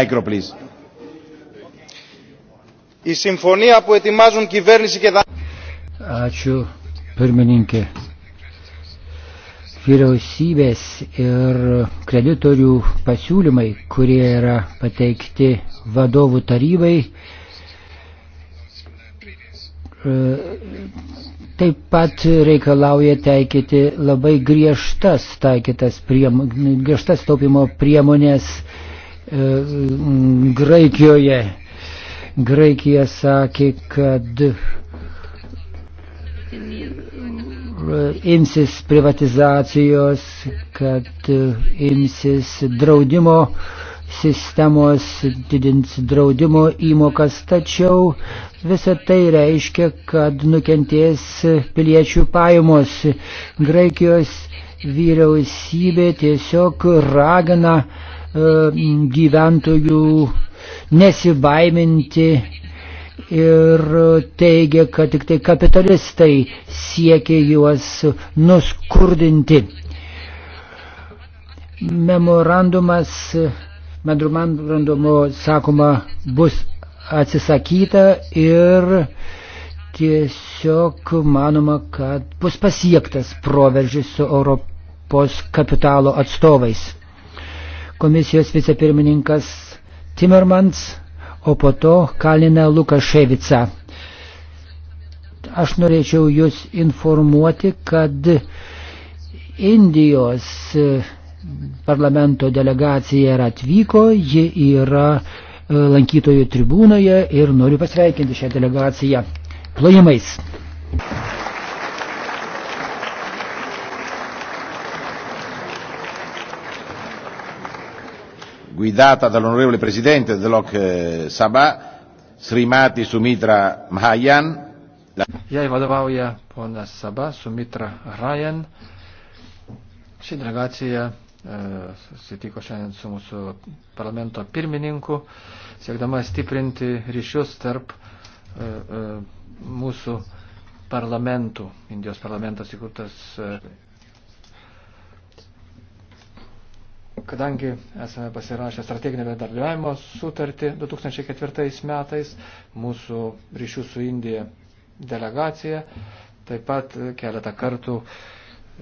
Micro, please. Η συμφωνία που ετοιμάζουν κυβέρνηση και Ačiū, pirmininkė. Vyriausybės ir kreditorių pasiūlymai, kurie yra pateikti vadovų tarybai, e, taip pat reikalauja taikyti labai griežtas, taikytas priem, griežtas taupimo priemonės E, Graikijoje. Graikija sakė, kad e, imsis privatizacijos, kad e, imsis draudimo sistemos, didins draudimo įmokas, tačiau visa tai reiškia, kad nukentės piliečių pajamos. Graikijos vyriausybė tiesiog ragina uh, E, gyventojų nesibaiminti ir teigia, kad tik tai kapitalistai siekia juos nuskurdinti. Memorandumas, memorandumo sakoma, bus atsisakyta ir tiesiog manoma, kad bus pasiektas proveržis su Europos kapitalo atstovais komisijos vicepirmininkas Timmermans, o po to kalina Lukaševica. Aš norėčiau jūs informuoti, kad Indijos e, parlamento delegacija yra atvyko, ji yra e, lankytojų tribūnoje ir noriu pasveikinti šią delegaciją plojimais. guidata dall'onorevole presidente Delok eh, Sabah, Srimati Sumitra Mahajan. La... Jai vadovauja ponas Sabah, Sumitra Rajan. Ši delegacija susitiko eh, šiandien su mūsų parlamento pirmininku, siekdama stiprinti ryšius tarp eh, mūsų parlamentų. Indijos parlamentas įkurtas Kadangi esame pasirašę strateginę bendradarbiavimo sutartį 2004 metais, mūsų ryšių su Indija delegacija taip pat keletą kartų uh,